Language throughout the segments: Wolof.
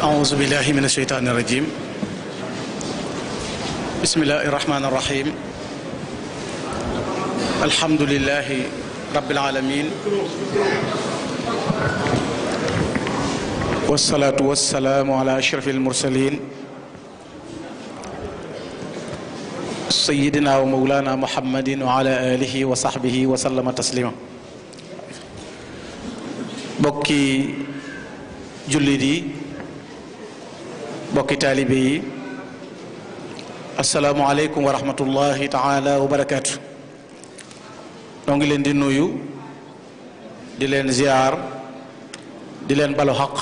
أعوذ بالله من الشيطان الرجيم بسم الله الرحمن الرحيم الحمد لله رب العالمين والصلاة والسلام على أشرف المرسلين سيدنا ومولانا محمد وعلى آله وصحبه وسلم تسليما بكي جلدي بوكي تاليبي السلام عليكم ورحمة الله تعالى وبركاته نونجلين دي نويو دي لين زيار دي لين بالو حق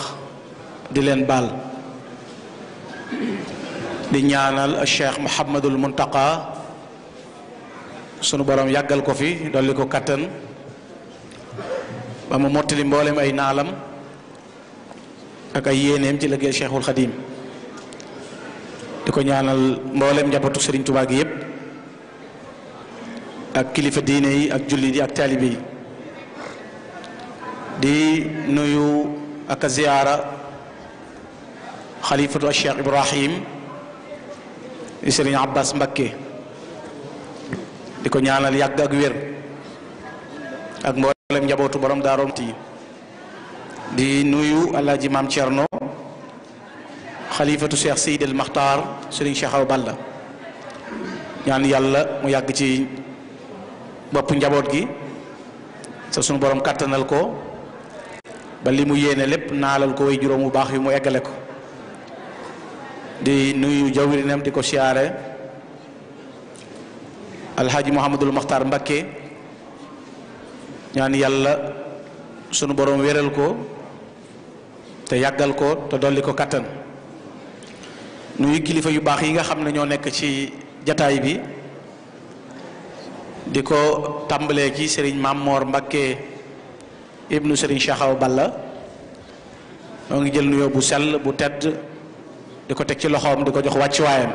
دي لين بال دي نيانال الشيخ محمد المنتقى سنو برام يقل كوفي دوليكو كاتن بما موتلي مبولم اي نالم اكا يينيم جي لغي الشيخ الخديم diko ñaanal mbollem njabootu Serigne Touba gi yeb ak kilifa diine yi ak julli yi ak talibi di nuyu ak ziyara khalifatu Cheikh Ibrahim di Serigne Abbas Mbakke diko ñaanal yàgg ak wer ak mbollem njabootu borom daaroom ti di nuyu Alaaji mam Cerno xalifatu cheikh seydil maxtaar sëriñ cheikh aw balla ñaan yàlla mu yàgg ci bopp njaboot gi sa sunu borom kàttanal ko ba li mu yéene lépp naalal ko way juróom baax yi mu eggale ko di nuy jawrinam di ko siyaare alxaaji muhammadul maxtaar mbakke ñaan yàlla sunu boroom wéral ko te yàggal ko te dolli ko kàttan nuyu kilifa yu baax yi nga xam ne ñoo nekk ci jataay bi di ko tàmbalee ci sëriñ Mamor Mbakke ibnu sëriñ Cheikhaw Balla moo ngi jël nuyoo bu sell bu tedd di ko teg ci loxoom di ko jox wàccuwaayam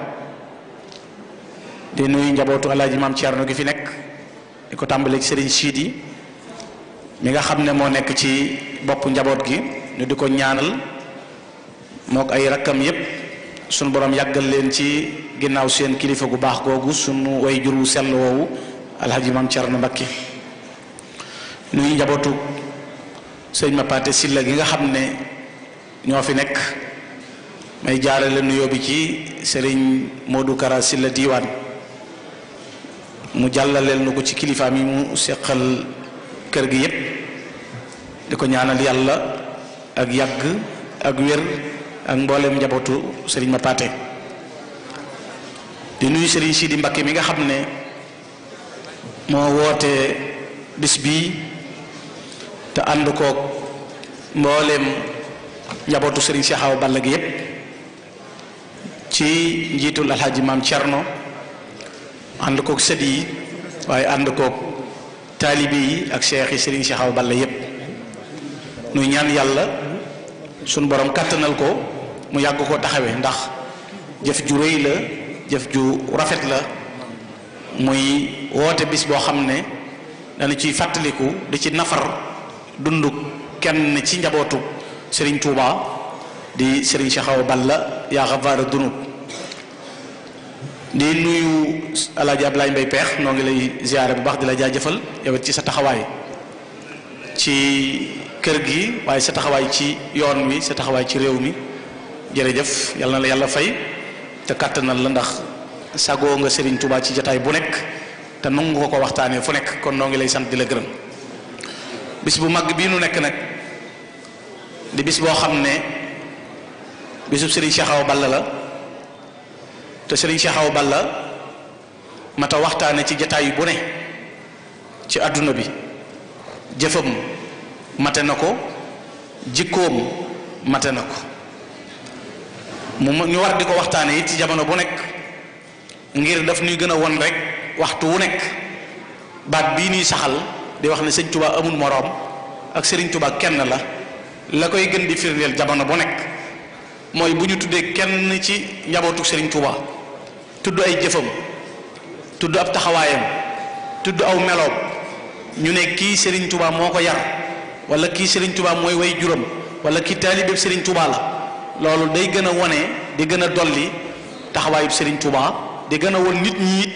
di nuy njabootu alaaji maam Thierno gi fi nekk di ko tàmbalee sëriñ siit yi mi nga xam ne moo nekk ci boppu njaboot gi ñu di ko ñaanal mook ay rakkam yépp suñu boroom yàggal leen ci ginnaaw seen kilifa gu baax googu sunu way jur wu sell woowu alhaji maam Cerno Mbakke nuyu njabootu sëñ Mapaate Silla gi nga xam ne ñoo fi nekk may jaarale nuyoo bi ci sëriñ Modou Kara Silla Diiwaan mu jàllaleel nu ko ci kilifa mi mu seqal kër gi yépp di ko ñaanal yàlla ak yàgg ak wér ak mbooleem njabootu sëriñ ma paate di nuyu sëriñ Sidi Mbakke mi nga xam ne moo woote bis bii te ànd kook mbooleem njabootu sëriñ si xaw balla gi yépp ci njiitul alxaaji maam Cerno ànd kook sët yi waaye ànd koog taalibe yi ak seex sëriñ si xaw balla yépp nuy ñaan yàlla sunu borom kàttanal ko mu yàgg koo taxawee ndax jëf ju rëy la jëf ju rafet la muy woote bis boo xam ne dana ciy fàttaliku di ci nafar dund kenn ci njabootu Serigne Touba di Serigne Cheikh Awa la yaa xabaara dunub di nuyu El Hadj Abdoulaye Peex noo ngi lay ziare bu baax di la jaajëfal jëfal it ci sa taxawaay ci kër gi waaye sa taxawaay ci yoon wi sa taxawaay ci réew mi. jërëjëf yal na la yàlla fay te kàttanal la ndax sagoo nga Serigne Touba ci jataay bu nekk te nangu ko ko waxtaanee fu nekk kon noo ngi lay sant di la gërëm bis bu mag bii nu nekk nag di bis boo xam ne bisub Serigne saxaw Awa Balla la te Serigne Cheikh Awa la mata waxtaane ci jataay bu ne ci àdduna bi jëfam mate na ko jikkoom mate na ko mu ñu war di ko waxtaanee it ci jamono bu nekk ngir daf ñuy gën a won rek waxtu wu nekk baat bii ñuy saxal di wax ne sëñ Tuubaa amul moroom ak sëriñ Tuubaa kenn la la koy gën di firndeel jamono bu nekk mooy bu ñu tuddee kenn ci njabootu sëriñ Tuubaa tudd ay jëfam tudd ab taxawaayam tudd aw meloom ñu ne kii sëriñ Tuubaa moo ko yar wala kii sëriñ Tuubaa mooy way juróom wala kii taalibeb sëriñ Tuubaa la loolu day gën a wone di gën a dolli taxawaayub Serigne Touba di gën a won nit ñi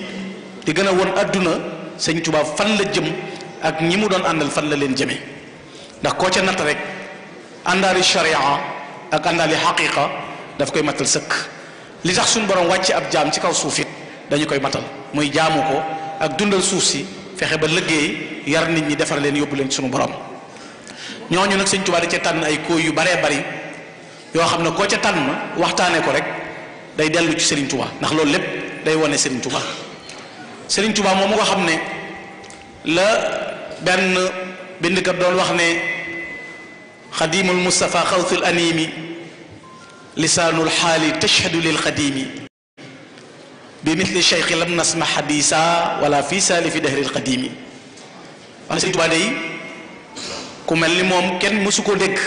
di gën a won àdduna Serigne Touba fan la jëm ak ñi mu doon àndal fan la leen jëmee ndax koo ca natt rek àndaali sharia ak àndaali xaqiqa daf koy matal sëkk li tax suñu borom wàcce ab jaam ci kaw suuf it dañu koy matal muy jaamu ko ak dundal suuf si fexe ba liggéey yar nit ñi defar leen yóbbu leen suñu borom ñooñu nag Serigne Touba da cee tànn ay kóoy yu baree bari yo xamne ko ca tan waxtane ko rek day delu ci Serigne Touba ndax lolou lépp day woné Serigne Touba Serigne Touba mom nga xamne la ben bind ka doon wax ne xadimul Mustafa xawtul animi lisaanul xaali tashhadu lil xadimi بمثل الشيخ لم نسمع حديثا ولا في سالف دهر القديم وانا serigne touba day ku melni mom ken musuko deg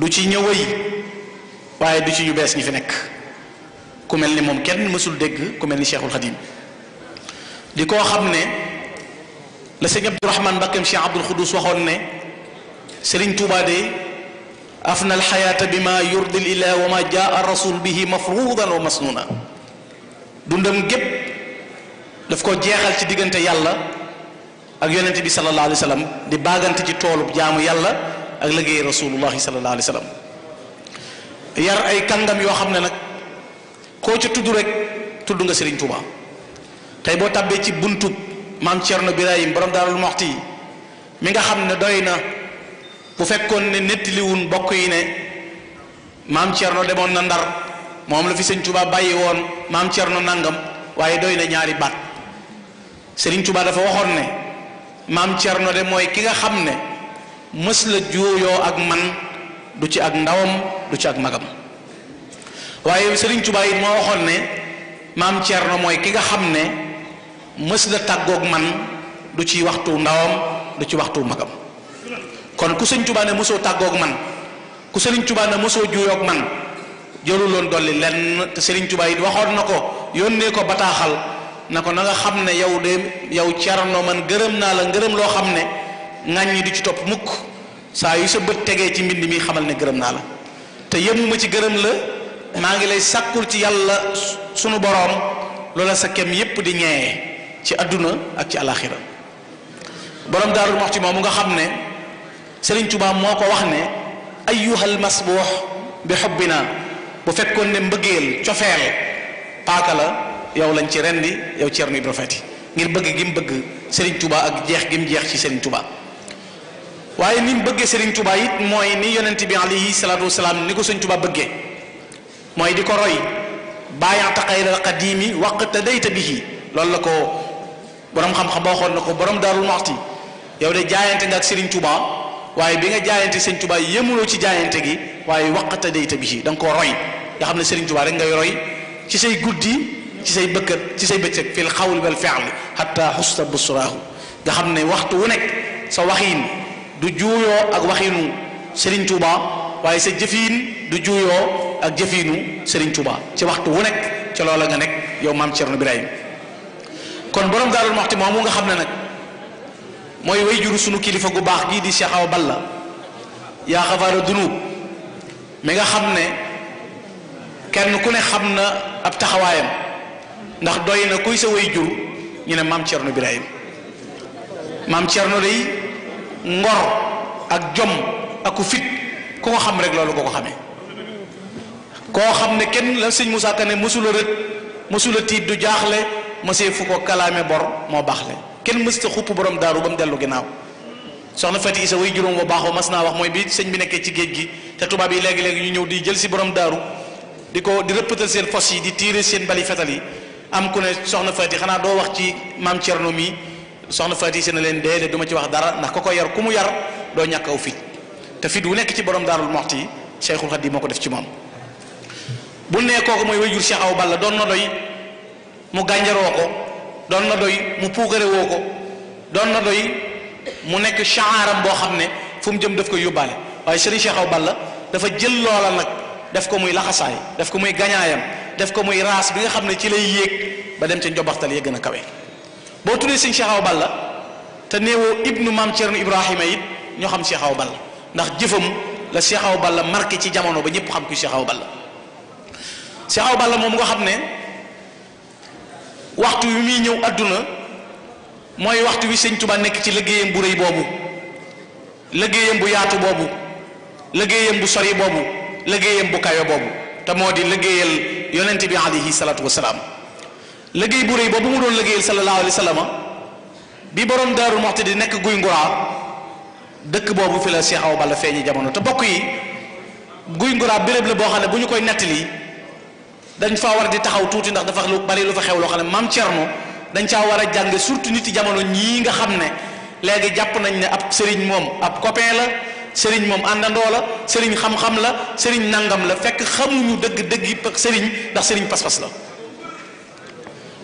du ci ñëwëy waaye du ci yu bees ñi fi nekk ku mel ni moom kenn mësul dégg ku mel ni cheikhul xadim di koo xam ne la sëñ abdourahman mbakkeem cheikh abdul xudus waxoon ne sëriñ tuuba de afna alxayaata bi ma yurdi l wa ma jaa rasul bihi mafruudan wa masnuna dundam gépp daf ko jeexal ci diggante yàlla ak yonente bi sallallahu alayhi wa sallam di baagante ci toolub jaamu yàlla ak liggéey rasulullahi sallallahu alayhi wa sallam yar ay kàngam yoo xam ne nag koo ca tudd rek tudd nga sëriñ Touba tey boo tàbbee ci buntub maam Thierno Birahim borom Daarul waxti yi mi nga xam ne doy na bu fekkoon ne nettaliwun bokk yi ne maam Thierno demoon na ndar moom la fi Serigne tubaa bàyyi woon maam Thierno nangam waaye doy na ñaari baat sëriñ tubaa dafa waxoon ne maam no de mooy ki nga xam ne. mës la juuyoo ak man du ci ak ndawam du ci ak magam waaye Sëriñ Tuubaa yi moo waxoon ne maam na mooy ki nga xam ne mës la tàggook man du ci waxtu ndawam du ci waxtu magam kon ku Sëriñ Tuubaa ne mosoo tàggoog man ku Sëriñ Tuubaa ne mosoo juuyoog man jëlu loon dolli lenn te Sëriñ Tuubaa yi waxoon na ko yónnee ko bataaxal na ko nanga xam ne yow de yow Thierno man gërëm naa la ngërëm loo xam ne. ŋàññi du ci topp mukk saa yu sa bët tegee ci mbind mi xamal ne gërëm naa la te yëpp yemuma ci gërëm la maa ngi lay sàkkul ci yàlla sunu boroom loola sa kem yépp di ñeeyee ci àdduna ak ci alaxira boroom daarul ci moom mu nga xam ne Sëriñ tubaa moo ko wax ne ayyuhal masbuux bi naa bu fekkoon ne mbëggeel cofeel paaka la yow lañ ci rendi yow Ceerno Ibra Faati ngir bëgg gi mu bëgg Sëriñ tubaa ak jeex gi mu jeex ci Sëriñ Tuubaa waaye ni mu bëggee Serigne Touba it mooy ni yonent bi alayhi salaatu wasalaam ni ko Serigne Touba bëggee mooy di ko roy baayaata xayral qadiimi waqta dayta bihi loolu la ko borom xam-xam ba na ko borom Daarul Muxti yow de jaayante nga ak Serigne waaye bi nga jaayante Serigne Touba yëmuloo ci jaayante gi waaye waqta dayta bihi da nga koo roy nga xam ne Serigne tubaa rek ngay roy ci say guddi ci say bëkkat ci say bëccëg fil xawl wal fi'li hatta xusta busraahu nga xam ne waxtu wu nekk sa waxiin. du juuyoo ak waxinu Serigne Touba waaye sa jëfiin du juuyoo ak jëfiinu sëriñ Touba ci waxtu wu nekk ci loola nga nekk yow maam Thierno Birahim kon borom Daarul Muxti moomu nga xam ne nag mooy way juru sunu kilifa gu baax gii di Cheikh Awa Balla yaa xafaara dunub mi nga xam ne kenn ku ne xam na ab taxawaayam ndax doy na kuy sa way jur ñu ne maam Thierno Birahim maam Thierno day ngor ak jom aku ku fit ku ko xam rek loolu nga ko xamee koo xam ne kenn la sëñ Moussa Ka ne mësula rët mësula tiit du jaaxle mësee fu ko kalaame bor moo baaxle kenn mësta xupp borom daaru ba mu dellu ginnaaw soxna Fati Isa way juróom bu baaxoo mas naa wax mooy bi sëñ bi nekkee ci géej gi te tubaab yi léegi-léegi ñu ñëw di jël si borom daaru di ko di rëppatal seen fos yi di tiire seen bali fetal yi am ku ne soxna Fati xanaa doo wax ci maam Thierno mi soxna Faati si na leen déedéet du ci wax dara ndax koko yar kumu yar do ñàkk aw fit te fit wu nek ci borom darul muhti Cheikhul khadim moko def ci mom bu né koko moy wayjur Cheikh aw Balla don na doy mu ganjaro ko don na doy mu puukare woo ko na doy mu nek chaaram bo xamné fum jëm daf koy yobalé way Serigne Cheikh aw Balla dafa jël loola nak def ko muy laxasay def ko muy gañayam def ko muy ras bi nga xamné ci lay yek ba dem ci njobaxtal yegna kawe boo tuddee sëñ Cheikh Awa Balla te néewoo ibnu maam Cerno Ibrahima it ñoo xam Cheikh xaw Balla ndax jëfam la si xaw Balla marqué ci jamono ba ñëpp xam ku Cheikh Awa Balla si xaw Balla moom nga xam ne waxtu wi muy ñëw àdduna mooy waxtu wi sëñ Tuba nekk ci liggéeyam bu rëy boobu liggéeyam bu yaatu boobu liggéeyam bu sori boobu liggéeyam bu kawe boobu te moo di liggéeyal yonent bi alayhi salaatu wasalaam liggéey bu réy boobu mu doon liggéeyal sallallahu alayhi wa sallam bi borom daarul Muxti di nekk guy nguraa dëkk boobu fi la Cheikh Awa Balla feeñi jamono te bokk yi guy nguraa béréb la boo xam ne bu ñu koy nettali dañ faa war di taxaw tuuti ndax dafa lu bari lu fa xew loo xam ne maam Thierno dañ caa awar a jàng surtout nit yi jamono ñii nga xam ne léegi jàpp nañ ne ab sëriñ moom ab copain la sëriñ moom àndandoo la sëriñ xam-xam la sëriñ nangam la fekk xamuñu dëgg dëgg sëriñ ndax sëriñ pas la.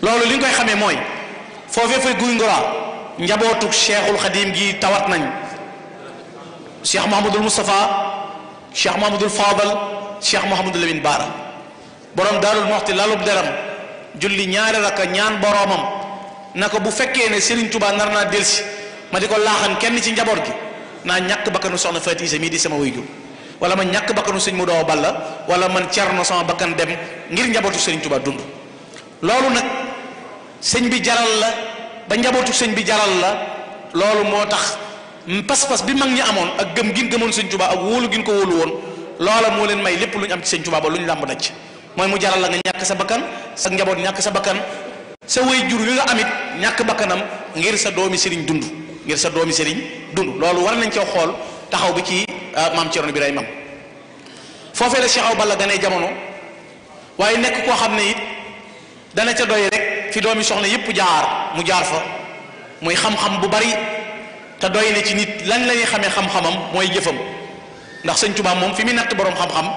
loolu li nga koy xamee mooy foofee fay guy Ngora njabootu cheikhul xadim gi tawat nañ cheikh Mouhamadul Moustapha cheikh Mouhamadul Fadal cheikh Mouhamadul Lamine Baara borom Daarul Moxti lalub deram julli ñaari rakka ñaan boromam na ko bu fekkee ne seriñ tubaa nar naa delsi ma di ko laaxan kenn ci njaboot gi naa ñàkk bakkanu soxna Faati Isa mii di sama wayjur wala ma ñàkk bakkanu sëñ mu doo balla wala man cerno sama bakkan dem ngir njabootu Serigne dund sëñ bi jaral la ba njabootu sëñ bi jaral la loolu moo tax pas-pas bi mag ñi amoon ak gëm gin gëmoon sëñ Tuubaa ak wóolu gin ko wóolu woon loola moo leen may lépp lu ñu am ci sëñ Tuubaa ba lu ñu làmb naj mooy mu jaral la nga ñàkk sa bakkan sa njaboot ñàkk sa bakkan sa way jur wi nga amit ñàkk bakkanam ngir sa doomi sëriñ dund ngir sa doomi sëriñ dund loolu war nañ cee xool taxaw bi ci ah, maam Cerno Birahim foofee la si Awa Balla ganee jamono waaye nekk koo xam ne it dana ca doy rek fi doomi soxna yépp jaar mu jaar fa muy xam-xam bu bari te doy na ci nit lan la ñuy xamee xam-xamam mooy jëfam ndax sëñ Tuubaa moom fi muy natt borom xam-xam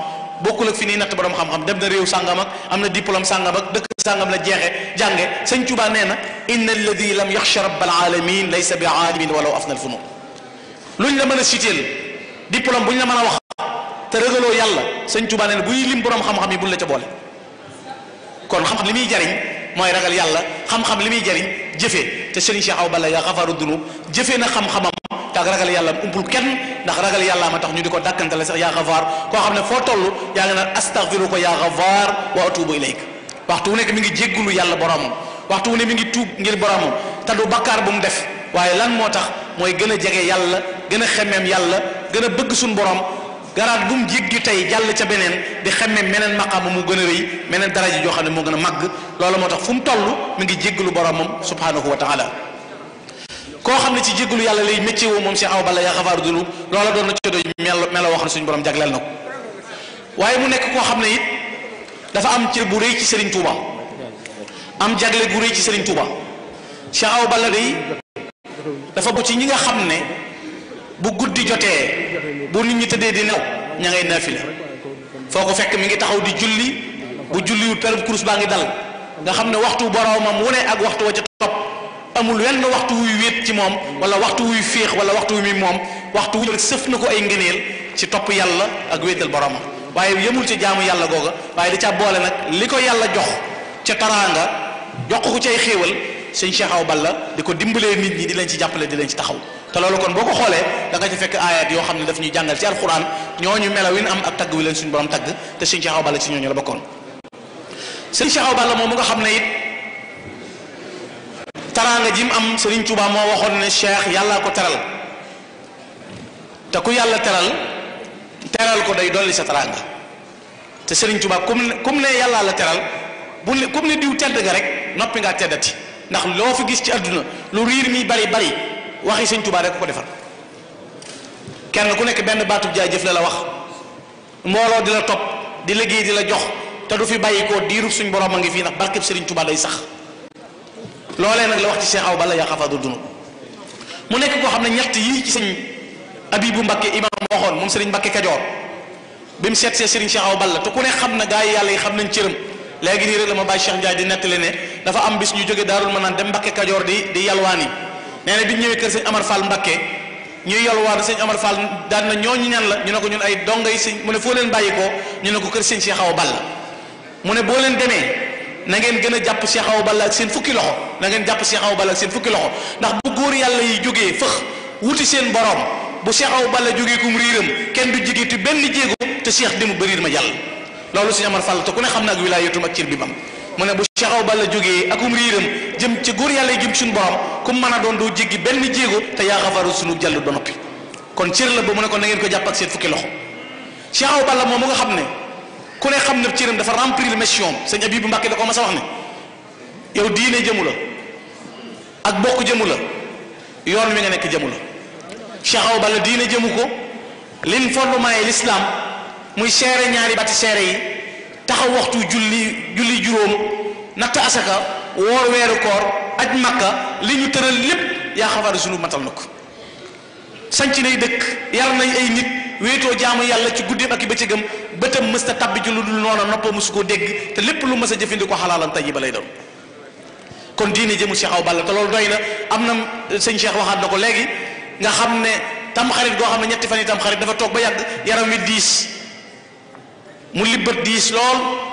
bokkul ak fi ñuy natt borom xam-xam dem na réew sàngam ak am na diplôme sàngam ak dëkk sàngam la jeexe jànge sëñ Tuubaa nee na inna alladi lam yaxsha rabbal alamin laysa bi aalimin walaw afna alfunu luñ la mën a siteel diplôme buñ la mën a wax te ragaloo yàlla sëñ Tuubaa nee na buy lim borom xam-xam yi buñ la ca boole kon xam-xam li muy jariñ moy ragal yàlla xam-xam limi muy jariñ jëfee te serigne Cheikh awballa ya ghafaru dhunub dunub na xam-xamam tak ragal yàlla umpul kenn ndax ragal yàlla ma tax ñu diko dakantale sax ya ghafar ko xamne fo tollu ya nga ngi naan astaghfiru ko wa atubu ilayk waxtu wu mi ngi jéggulu yàlla borom waxtu ne mi ngi tuub ngir borom ta du bakkar bu mu def waye lan motax moy gëna jégué yàlla gëna xémem yàlla gëna bëgg suñu borom garaat bu mu jéggi tey jàll ca beneen di xemme meneen maqaama mu gën a rëy meneen daraja joo xam ne moo gën a màgg loolu moo tax fu mu toll mi ngi jéggalu boromam subhanahu wa taala koo xam ne ci jéggalu yàlla lay métier woo moom si aw bala yaa xafaaru dunu loola doon na ci doy melo wax ne suñu borom jagleel na waaye mu nekk koo xam ne it dafa am cër bu rëy ci Serigne Touba am jagle gu rëy ci Serigne Touba Cheikh Awa Balla day dafa bokk ci ñi nga xam ne bu guddi jotee bu nit ñi tëddee di new ña ngay naafila foo ko fekk mi ngi taxaw di julli bu julliwul perum kurus baa ngi dal nga xam ne waxtu boroomam wu ne ak waxtu wa ca topp amul wenn waxtu wuy wéet ci moom wala waxtu wuy féex wala waxtu wu muy moom waxtu wu sëf na ko ay ngëneel ci topp yàlla ak wéetal boroomam waaye yemul ci jaamu yàlla googa waaye di ca boole nag li ko yàlla jox ca taraanga jox ko ci ay xéewal sëñ Cheikh Awa Balla di ko dimbalee nit ñi di ci jàppale di leen ci taxaw te loolu kon boo ko xoolee danga nga ci fekk ayat yoo xam ne daf ñuy jàngal ci ñoo ñu melaw yi am ak tagg wi leen suñu borom tagg te sëñ Cheikh ñooñu la bokkoon sëñ Cheikh Awa moom mu nga xam ne it taraanga ji mu am Serigne Touba moo waxoon ne Cheikh yàllaa ko teral te ku yàlla teral teral ko day dolli sa taraanga te Serigne Touba kum ne kum ne yàllaa la teral bu ne kum ne diw tedd nga rek noppi ngaa teddati ndax loo fi gis ci àdduna lu riir mi bari bari waxi sëñ Tuubaa rek ko defar kenn ku nekk benn baatub jaay jëf la la wax mbooloo di la topp di liggéey di la jox te du fi bàyyi ko diirub suñ borom a ngi fii ndax barkeb sëriñ Tuubaa day sax loolee nag la wax ci Cheikh Awa Balla yaa xafaadu dunu mu nekk koo xam ne ñett yi ci sëñ Abibu Mbakke imam waxoon moom sëriñ Mbakke Kajoor bi mu seet see sëriñ Cheikh Awa Balla te ku ne xam na gaa yi yàlla yi xam nañ cëram léegi nii rek la ma bàyyi Cheikh Ndiaye di nettali ne dafa am bis ñu jóge daarul ma naan dem Mbakke Kajoor di di yalwaani nee na bi ñëwee kër sëñ Amar Fall Mbakke ñuy yolwaar sëñ Amar Fall daan na ñooñu ñan la ñu ne ko ñun ay dongay sëñ mu ne foo leen bàyyi ko ñu ne ko kër sëñ Cheikh Awa Balla mu ne boo leen demee na ngeen gën a jàpp Cheikh Awa Balla ak seen fukki loxo na ngeen jàpp Cheikh Awa Balla seen fukki loxo ndax bu góor yàlla yi jógee fëx wuti seen borom bu Cheikh Awa Balla jógee kum riiram kenn du jigéeti benn jéego te Cheikh demu ba riir ma jàll loolu sëñ Amar Fall te ku ne xam na ak wilaayatum ak bi mam mu ne bu Cheikh Awa Balla jógee akum riiram jëm ci góor yàlla yi jëm ci suñu ku mën a doon doo jéggi benn jéego te yaa xafaru sunu jàll ba noppi kon cër la ba mu ne kon na ngeen ko jàpp ak seen fukki loxo Cheikh Awa Balla moom mu nga xam ne ku ne xam ne cëram dafa remplir mission sëñ Abibu Mbàkke da ko mas a wax ne yow diine jëmu la ak bokk jëmu la yoon mi nga nekk jëmu la Cheikh Awa Balla diine jëmu ko lin fondement yi l'islam muy seere ñaari bati seere yi taxaw waxtu julli julli juróom natt asaka woor weeru koor aj makka li ñu tëral lépp yaa xabaar sunu matal na ko sanc nay dëkk yar nañ ay nit wéetoo jaamu yàlla ci ki ak i bëccëgam bëtam mës ta tabbi ji lu dul noona noppam mësu koo dégg te lépp lu mës a jëfandikoo xalaalan yi ba lay doon kon diine jëmu Cheikh Awa Balla te loolu doy na am na sëñ Cheikh waxaat na ko léegi nga xam ne tam tamxarit goo xam ne ñetti fan yi tamxarit dafa toog ba yàgg yaram wi diis mu libbat diis lool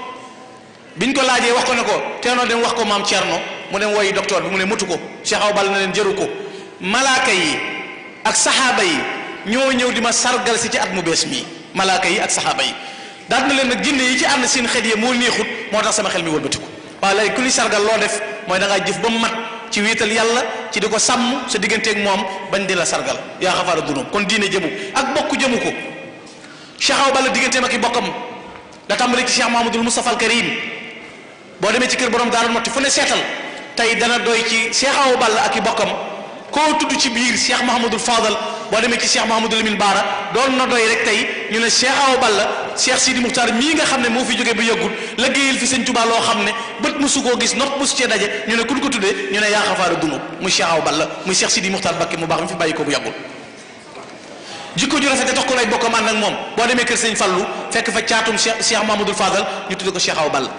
bi ñu ko laajee wax ko ne ko teenoo dem wax ko maam Thierno mu dem woyi docteur bi mu ne matu ko Cheikh Awa Balla na leen jëru ko malaaka yi ak saxaaba yi ñoo ñëw di ma sargal si ci at mu bees mii malaaka yi ak saxaaba yi daal na leen nag jinne yi ci ànd seen xel yi moo neexut moo tax sama xel mi wëlbatiku waaw léegi ku ñuy sargal loo def mooy da ngaa jëf ba mu mat ci wéetal yàlla ci di ko sàmm sa digganteeg moom bañ di la sargal yaa xafaara dunub kon diine jëmu ak bokk jëmu ko Cheikh Awa Balla digganteem ak i bokkam da tàmbali ci Cheikh Mahamadul Moustapha al Karim boo demee ci kër borom daarul motti fu ne seetal tey dana doy ci Cheikh Awa Balla ak i bokkam koo tudd ci biir Cheikh Mahamadul Fadal boo demee ci Cheikh Mahamadul Amin Baara doon na doy rek tey ñu ne Cheikh Awa Balla Cheikh Sidi Muxtaar mii nga xam ne moo fi jógee bu yëggul liggéeyal fi sëñ Tuubaa loo xam ne bët mosu koo gis nopp mosu cee daje ñu ne kun ko tuddee ñu ne yaa xafaara dunu muy Cheikh Awa Balla muy Cheikh Sidi Muxtaar Bakke mu baax mi fi bàyyi ko bu yàggul jikko ju rafet dox ko lay bokkam ànd ak moom boo demee kër sëñ Fallu fekk fa caatum Cheikh Cheikh Mahamadul Fadal ñu tuddee ko Cheikh Awa Balla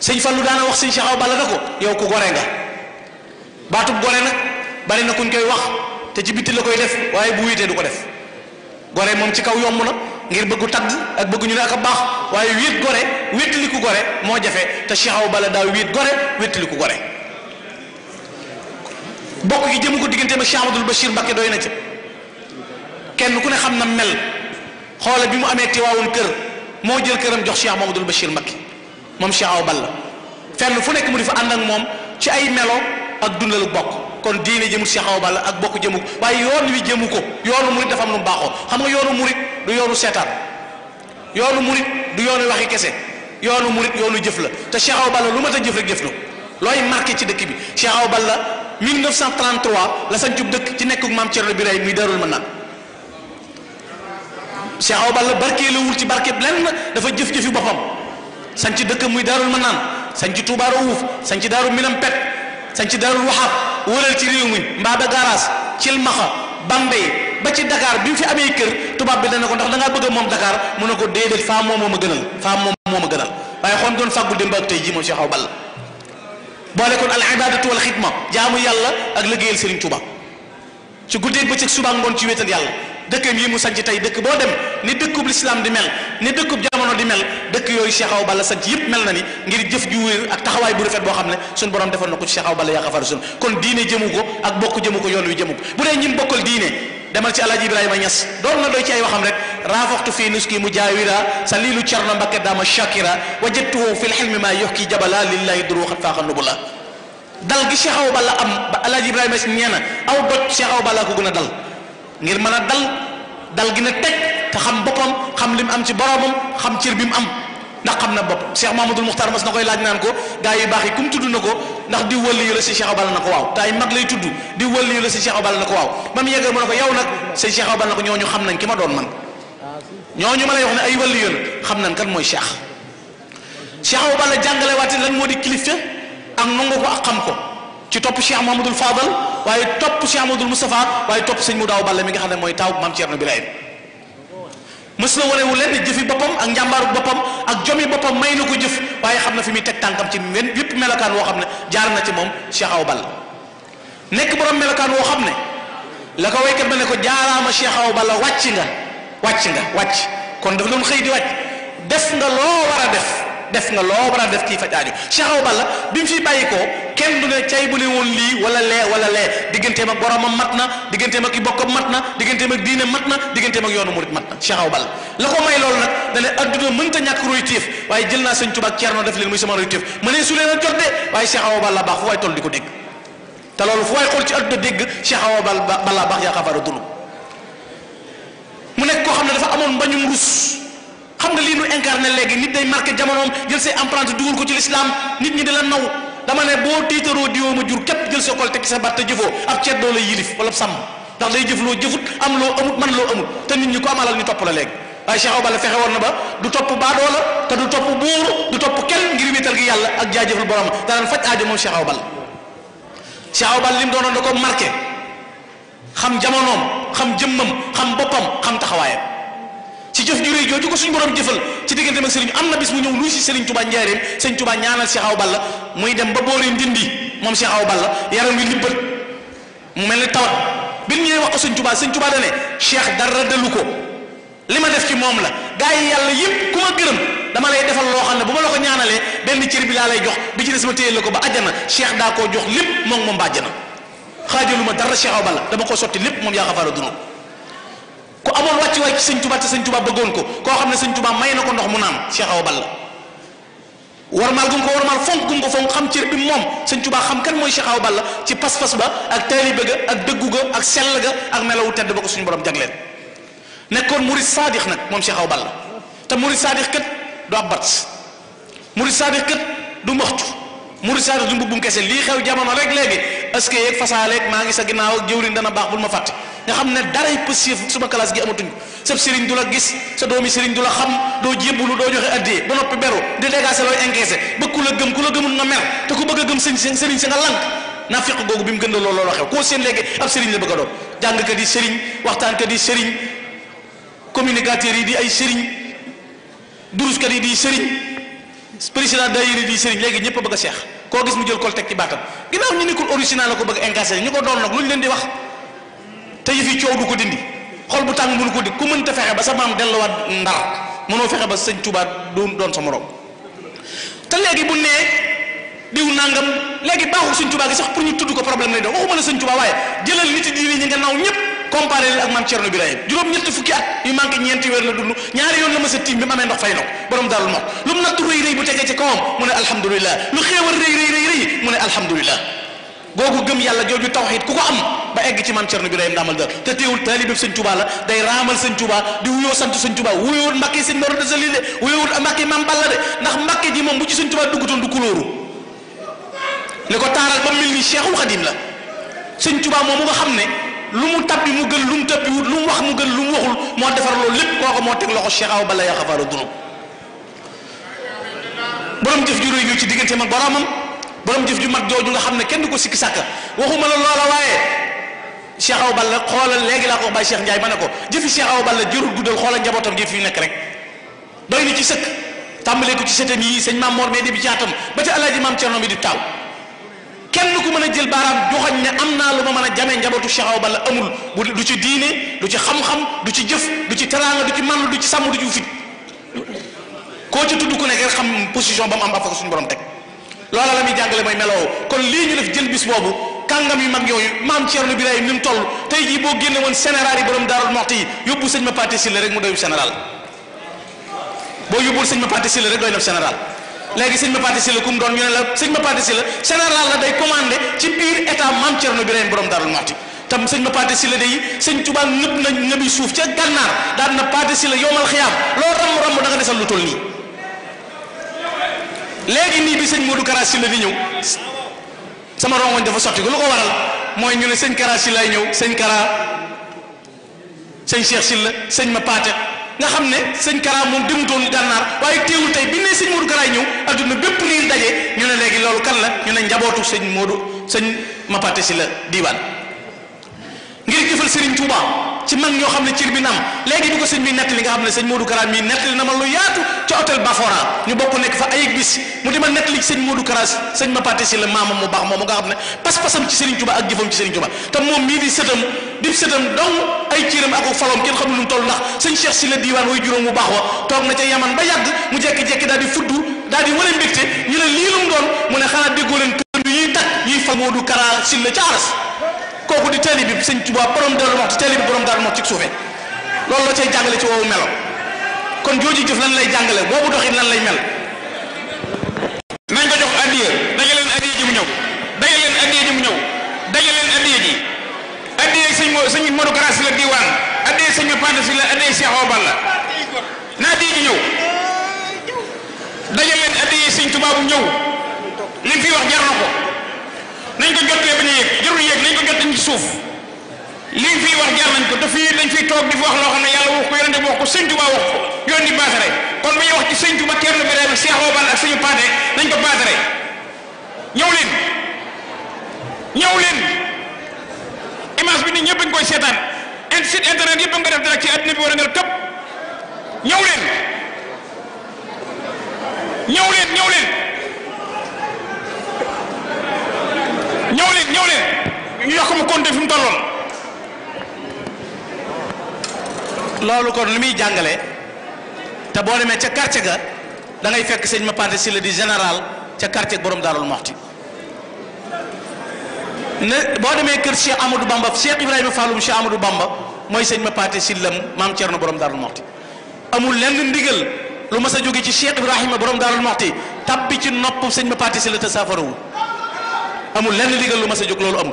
sëñ Fallu daana wax sëñ Cheikh bala na ko yow ku gore nga baatub gore nag bari na kuñ koy wax te ci bitti la koy def waaye bu wéetee du ko def gore moom ci kaw yomb na ngir bëggu tagg ak bëgguñu ñu ne ak baax waaye wéet gore wéetali ku gore moo jafe te Cheikh Awa Balla daa wéet gore wéetali ku gore bokk gi jëmu ko diggante ma Cheikh Amadou Bachir Mbacké doy na ca kenn ku ne xam na mel xoola bi mu amee tiwaawoon moo jël këram jox Cheikh Mamadou Bachir Mbacké moom Cheikh bal la fenn fu nekk mu di fa ànd ak moom ci ay melo ak dundalu bokk kon diine jëmu Cheikh Awa Balla ak bokk jëmu waaye yoon wi jëmu ko yoonu murit dafa am lu mu baaxoo xam nga yoonu mu murit du yoonu seetaan yoonu murit du yoonu waxi kese yoonu murit yoonu jëf la te Cheikh Awa Balla lu ma a jëf rek jëf na looy marqué ci dëkk bi Cheikh Awa Balla 1933 la sañcub dëkk ci nekkug maam bi Birahim muy darul mën naan Cheikh Awa Balla barkeeluwul ci barke lenn dafa jëf-jëfi boppam sañ ci dëkk muy daarul naan sañ ci Touba Raouf sañ ci daarul minam pet sañ ci daarul waxaab wëlal ci réew mi mbaa ba gaaraas cilmaxa Bambey ba ci Dakar bi mu fi amee kër tubaab bi dana ko ndax da ngaa bëgg a moom dakaar mu ne ko déedéet faa moom moo ma gënal faa moom moo ma gënal waaye xoon doon fàggul démb ak tey jii moom Cheikh Awa Balla boole kon al ibadatu xidma jaamu yàlla ak liggéeyal Serigne Touba ci ba bëccëg suba ngoon ci wéetal yàlla dëkkam yi mu sanc tey dëkk boo dem ni dëkkub lislaam di mel ni dëkkub jamono di mel dëkk yooyu Cheikh Awa Balla sanc yëpp mel na ni ngir jëf ju wér ak taxawaay bu rafet boo xam ne suñu borom defoon na ko ci ko ak bokk jëmu ko yoon wi jëmu ko bu dee ñim bokkal diine demal ci alaaji Ibrahima Ñas doon na doy ci ay waxam rek raafaxtu fii nuski mu jaawira sa liilu carno mbakke daama shakira wajadtuhu fi lxilmi maa yox ki jabala lillahi duru xat faaxa nubu la dal aw doj ko gën a dal ngir mën a dal dal gi na teg te xam boppam xam lim am ci boroomam xam cër bi mu am ndax xam na bopp Cheikh Mahamadul Muxtaar mas na koy laaj naan ko gaa yi baax yi kum tudd na ko ndax di wëlli yu la si Cheikh Abal na ko waaw man ay mag lay tudd di wëlli yu la si Cheikh Abal na ko waaw ba mu yeggee mu ne ko xam nañ ki ma doon man ñooñu ma lay wax ne ay wëlli yoon la xam nañ kan mooy Cheikh Cheikh Abal jàngale waate lan moo di kilifa ak nangu ko ak xam ko ci topp Cheikh Mahamadul Fadal waaye topp Cheikh Amadou Moustapha waaye topp sëñ mu daaw Balla mi nga xam ne mooy taaw maam Thierno Birahim mës na wanewu leen jëfi boppam ak njàmbaaru boppam ak jomi boppam may na ko jëf waaye xam na fi muy teg tànkam ci men yépp melokaan woo xam ne jaar na ci moom Cheikh Awa Balla nekk borom melokaan woo xam ne la ko waykat ba ne ko jaaraama Cheikh Awa Balla wàcc nga wàcc nga wàcc kon daf doon xëy di wàcc def nga loo war a def def nga loo mën a def ci faj aaju Cheikh Awa Balla bi mu fi bàyyi ko kenn du ne cay bu ne woon lii wala lee wala lee digganteem ak boromam mat na digganteem ak i bokkam mat na digganteem ak diine mat na digganteem ak yoonu na Cheikh Awa Balla la ma ne su leen a jot de waaye Cheikh Awa Balla baax fu waay toll di ko dégg te loolu fu waay xool ci adduna dégg mu nekk koo xam ne dafa amoon mbañum rus xam nga lii nu incarné léegi nit day marqué jamonoom jël say empreinte dugal ko ci lislaam nit ñi di la naw dama ne boo tiitaroo diwoo ma jur képp jël sa kol teg sa baat te jëfoo ab ceeb doo lay yilif wala sàmm ndax day jëf loo jëfut am loo amut man loo amut te nit ñi ko am alal ñu topp la léegi waaye Cheikh Obal fexe woon na ba du topp baadoo la te du topp buuru du topp kenn ngir wéetal gi yàlla ak jaajëfal borom danaan faj aajo moom Cheikh Obal Cheikh Obal li mu doonoon da ko marqué xam jamonoom xam jëmmam xam boppam xam taxawaayam. ci jëf ju rëy jooju ko suñu borom jëfal ci diggante ak sëriñ am na bis mu ñëw nuy si sëriñ tuba njaareem sëriñ tuba ñaanal cheikh aw balla muy dem ba booree ndindi moom cheikh aw balla yaram wi libbat mu mel ni tawat bin ñëwee wax ko sëriñ tuba sëriñ tuba dane cheikh dara dalu ko li ma def ci moom la gaa yi yàlla yépp ku ma gërëm dama lay defal loo xam ne bu ma la ko ñaanalee benn cër bi laa lay jox bi ci des ma téyel la ko ba àjjana cheikh daa koo jox lépp moom moom ba àjjana xaajaluma dara cheikh aw balla dama ko sotti lépp moom yaa xafaara dunub ku amoon wàcc waay ci sëñ Tuubaa te sëñ Tuubaa bëggoon ko koo xam ne sëñ Tuubaa may na ko ndox mu naan Cheikh Awa Balla warmaal gum ko warmaal fonk gum ko fonk xam cër bi moom sëñ Tuubaa xam kan mooy Cheikh Awa Balla ci pas-pas ba ak taalibe ga ak dëggu ga ak sell ga ak melawu tedd ba ko suñu borom jagleel nekkoon murid saadix nag moom Cheikh Awa Balla te murid saadix kat du ab bat murid saadix kat du mbaxtu murid saadix du mbubbum kese lii xew jamono rek léegi est-ce que yeeg fasaaleeg maa ngi sa ginnaaw ak jëwriñ dana baax bul ma fàtte nga xam ne daray positif suma classe gi amatuñ ko sab sëriñ du la gis sa doomi sëriñ du la xam doo jébbulu doo joxe addee ba noppi beru di dégaase looy encaissé ba ku la gëm ku la gëmul nga mer te ku bëgg a gëm sëriñ si nga lank naa fiq googu bi mu gën a loolu loolu xew koo seen léegi ab sëriñ la bëgg a doon jàngkat yi sëriñ waxtaankat yi sëriñ communicateur yi di ay sëriñ duruskat yi di sëriñ président daayira di sëriñ léegi ñëpp a bëgg a leen di wax te yëfi coow du ko dindi xol bu tàng mënu ko di ku mënta fexe ba sa maam delluwaat ndar mënoo fexe ba sëñ Tuubaa doon doon sa morom te léegi bu nee diw nangam léegi baaxul sëñ Tuubaa gi sax pour ñu tudd ko problème lay doon waxuma la sëñ Tuubaa waaye jëlal nit diine ñi nga naw ñëpp comparé ak maam Thierno Birahim juróom-ñetti fukki at yu manqué ñeenti weer la dund yoon la ma sa tiim bi mu amee ndox fay ndox borom dalul moom lu mu nattu rëy lu mu ne alhamdulilah googu gëm yàlla jooju tawxiid ku ko am ba egg ci maam Cerno Birahim daamal dar te teewul taalibe sëñ Tuuba la day raamal sëñ Tuuba di wuyoo sant sëñ Tuuba wuyoo Mbàkke sëñ Mor Anta Sali de wuyoo Mbàkke maam Balla de ndax Mbàkke ji moom bu ci sëñ Tuuba duggutoon du kulóoru li ko taaral ba mil ni Cheikhul Xadim la sëñ Tuuba moomu nga xam ne lu mu tabbi mu gën lu mu tabbi wut lu mu wax mu gën lu mu waxul moo defar loolu lépp kooku moo teg loxo Cheikh Awa Balla yaa xafaaru dunub borom jëf ju borom jëf ju mag jooju nga xam ne kenn du ko sikki sàkka waxuma la loola waaye Cheikh Awa Balla xoolal léegi laa ko wax Baye Cheikh Ndiaye ma ne ko jëfi Cheikh Awa Balla jërul guddal xoolal njabootam jëf yu nekk rek doy na ci sëkk tàmbalee ko ci sëtam yi sëñ maam Mor mais di bi ci atam ba ca alaaji maam Cerno mi di taaw kenn ku mën a jël baaraam joxoñ ne am naa lu ma mën a jamee njabootu Cheikh Awa Balla amul bu du ci diine du ci xam-xam du ci jëf du ci teraanga du ci man du ci sàmm du ci fit koo ci tudd ku nekk xam position ba mu am ba fa ko loola la muy jàngale mooy meloowu kon lii ñu def jël bis boobu kàngam yu mag yooyu maam Thierno Birahim ni mu toll tey jii boo génne woon général yi borom Daarul Moxti yi yóbbu sëñ ma pàtti si rek mu doyub général boo yóbbul sëñ ma pàtti si la rek léegi sëñ ma pàtti si ku mu doon ñu ne la sëñ ma pàtti si la général la day commandé ci biir état maam Thierno Birahim borom Daarul Moxti tam sëñ ma paate si la day sëñ Tuubaa nëb na nëbi suuf ca gànnaar daan na paate si la yowmal loo ramm ramm da nga desal lu toll nii léegi nii bi sëñ Modou Kara Sylla di ñëw sama rongoñ dafa sotti ko lu ko waral mooy ñu ne sëñ Kara Sylla lay ñëw sëñ Kara sëñ Cheikh Sylla sëñ ma paate nga xam ne sëñ Kara moom demutoon gànnaar waaye teewul tey bi ne sëñ Modou Kara ñëw adduna bépp nii daje ñu ne léegi loolu kan la ñu ne njabootu sëñ Modou sëñ ma paate si la diiwaan ngir jëfal Serigne Touba. ci mag ñoo xam ne cër bi nam léegi bi ko sëñ bi nettali nga xam ne sëñ Modou Kara mii nettali na ma lu yaatu ca hôtel Bafora ñu bokk nekk fa ayig bis mu di ma nettali ci sëñ Modou Kara sëñ la ca yaman koku di tali bi seigne touba borom dalu wax ci tali bi borom dalu mo ci soufey loolu la cey jangale ci wowo melo kon joji jëf lan lay jàngale boobu doxin lan lay mel nañ ko jox addiya daje leen addiya ji mu ñew daje leen addiya ji mu ñew daje leen addiya ji addiya seigne seigne Modou Karaas la diwan addiya seigne pande si la addiya Cheikh Obal la na ji ñew daje leen addiya sëñ bu ñew li fi wax jarnako nañ ko jottee ba ñu yëg jarul yëg nañ ko jottee ci suuf lii fii wax jaar nañ ko te dañ fiy toog di fi wax loo xam ne yàlla wax ko yonente bi wax ko sëñ Tuubaa wax ko yoon di baatare kon bu ñuy wax ci sëñ Tuubaa kenn bi rek Seex Obal ak suñu paate nañ ko baatare dañ koy seetaan site internet yëpp a a ngal këpp ñëw leen ñëw leen ñëw leen ñëw leen ñëw leen ñu yokk mu compter fi mu loolu kon li muy jàngale te boo demee ca quartier ga da ngay fekk sëñ Mapante Sylla di général ca quartier borom Daarul Moxti ne boo demee kër Cheikh Amadou Bamba Cheikh Ibrahima Falloum Cheikh Amadou Bamba mooy sëñ Mapante Sylla maam na borom Daarul Moxti amul lenn ndigal lu ma sa jóge ci Cheikh Ibrahima borom Daarul Moxti tabbi ci nopp sëñ Mapante Sylla te saafarawu amul lenn ndigal lu mas a jóg loolu amul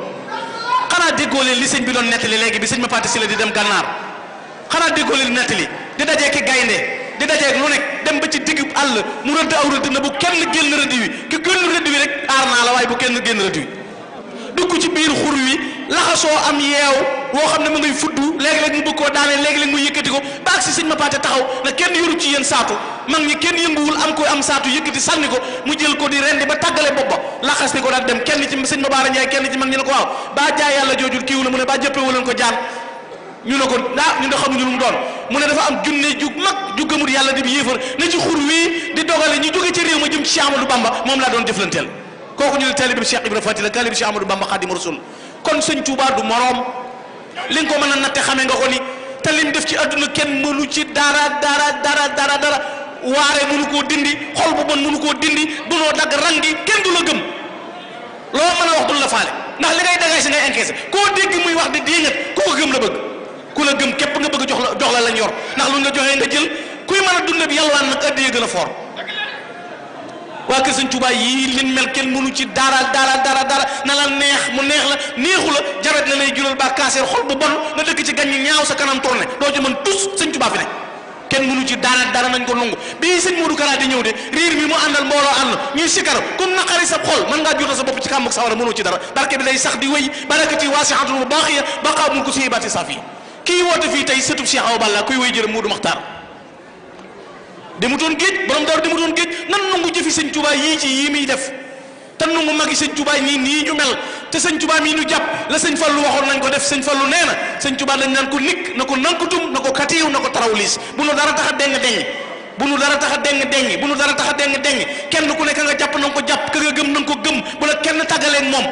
xanaa déggoo leen li sëñ bi doon nettali léegi bi sëñ ma fàtte si la di dem gànnaar xanaa déggoo leen nettali di dajee ki gaynde di dajee lu nekk dem ba ci digg àll mu rëdd aw rëdd na bu kenn génn rëdd wi ki génn rëdd wi rek aar naa la waaye bu kenn génn rëdd wi dugg ci biir xur wi laxasoo am yeew woo xam ne mu ngay fudd léegi-léeg mu bëgg koo daanee léegi-léeg mu yëkkati ko ba ak si paate taxaw na kenn yoru ci yéen saatu mag ñi kenn yënguwul am koy am saatu yëkkati sànni ko mu jël ko di rendi ba tàggale bobba laxas ni ko daal dem kenn ci sëñ ma baara njaay kenn ci mag ñi ne ko waaw baa jaay yàlla joojul kiiwu la mu ne baa jëppee wuleen ko jaan ñu ne ko ah ñu ne xamuñu lu mu doon mu ne dafa am junne ju mag ju gëmut yàlla di yéefar ne ci xur wii di dogale ñu jóge ci réew ma jëm ci kon sëñ Tuubaa du moroom li nga ko mën a natte xame nga ko ni te lim def ci àdduna kenn mënu ci dara dara dara dara dara waare mënu koo dindi xol bu bon mënu koo dindi bu noo dagg rangi kenn du la gëm loo mën a wax du la faale ndax li ngay dagay si ngay encaissé koo dégg muy wax di déngat ku ko gëm la bëgg ku la gëm képp nga bëgg jox la jox la lañ yor ndax lu nga joxee nga jël kuy mën a dund bi yàlwaan nag addiyee gën a foor waa kër sëñ Tuubaa yii lin mel kenn mënu ci dara dara dara dara na la neex mu neex la neexu la jarat na lay jural baa cancer xol bu bon nga dëkk ci gan ñi ñaaw sa kanam tourné doo ci mën tus sëñ Tuubaa fi ne kenn mënu ci dara dara nañ ko nangu bii sëñ Modou Kara di ñëw de riir mi mu àndal mbooloo ànd ñuy sikkar comme naqari sa xol mën ngaa juutal sa bopp ci kàmm ak a mënoo ci dara barke bi day sax di wéy baraka ci waasi'atun mubaaqiyatun baqaa mulkuhu sayyibati safi kii woote fii tey sëtub Cheikh Awa Balla kuy wéy demutoon géej borom daaru demutoon géej nan nangu jëfi sëñ Tuubaa yii ci yii muy def te nangu magi sëñ Tuubaa nii nii ñu mel te sëñ Tuubaa mii ñu jàpp la sëñ Fallu waxoon nañ ko def sëñ Fallu nee na sëñ Tuubaa dañ naan ko nikk na ko nankutum na ko katiiw na ko tarawliis bu nu dara tax a deng deng bu nu dara tax a deng deng bu nu dara tax a deng deng kenn ku nekk nga jàpp na ko jàpp ka nga gëm na ko gëm bu la kenn tàggaleen moom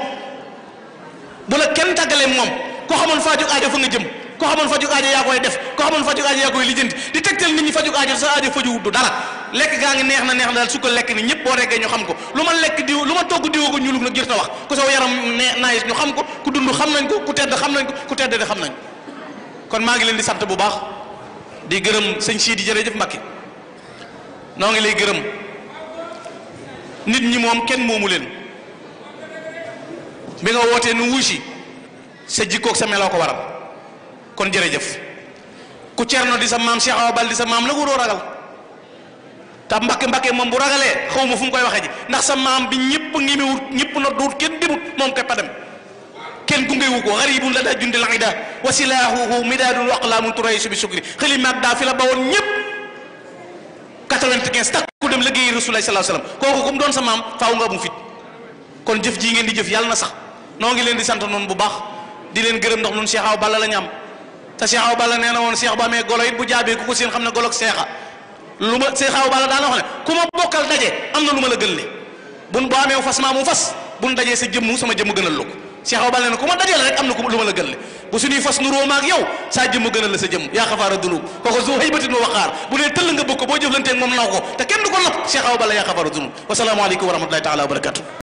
bu la kenn tàggaleen moom koo xamoon faajo aajo fa nga jëm ko xamoon fajuk aajo yaa koy def ko xamoon fajuk aajo yaa koy lijjanti di tegtal nit ñi fajuk aajo sa aajo faju wuddu dara lekk gaa ngi neex na neex na daal su ko lekk ni ñëpp boo reggee ko lu lekk diw lu ma togg diwoo ko ñulug nag jërta wax ku saw ko ku xam nañ ko ku tedd xam nañ ko ku tedd de xam kon maa ngi leen di sant bu baax di gërëm sëñ Sidi jërëjëf Mbacké noo ngi lay gërëm nit ñi moom kenn moomu leen bi nga wootee nu si sa jikkoog sa meloo ko waral kon jërëjëf ku cerno di sa mam Cheikh awbal di sa mam la wuro ragal ta mbake mbake mom bu ragale xaw fu ngoy waxe ji ndax sa mam bi ñepp ngimi mi wut ñëpp not duut kenn dimut mom kay padam ken gungé wu ko xaribun la da jundi la ida wa silaahuhu turaysu bi sukri khali mak da fi la bawon ñepp 95 tak ku dem liggey rasulullah sallallahu alaihi wasallam koku kum doon sa mam faaw nga bu fit kon jëf ji ngeen di jëf yalla na sax no ngi leen di sant non bu baax di leen gërëm ndox nun Cheikh Awa Balla la ñam te Cheikh Awa Balla nee na woon Cheikh bu amee golo it bu jaabee ku ko seen xam ne golo ak seexa lu ma Cheikh Awa Balla daana wax ne ku ma bokkal daje am na lu ma la gën li bun boo amee fas maa mu fas yaa xafaara dunub kooku zo xëy batin wa waxaar bu dee tëll nga wa rahmatullahi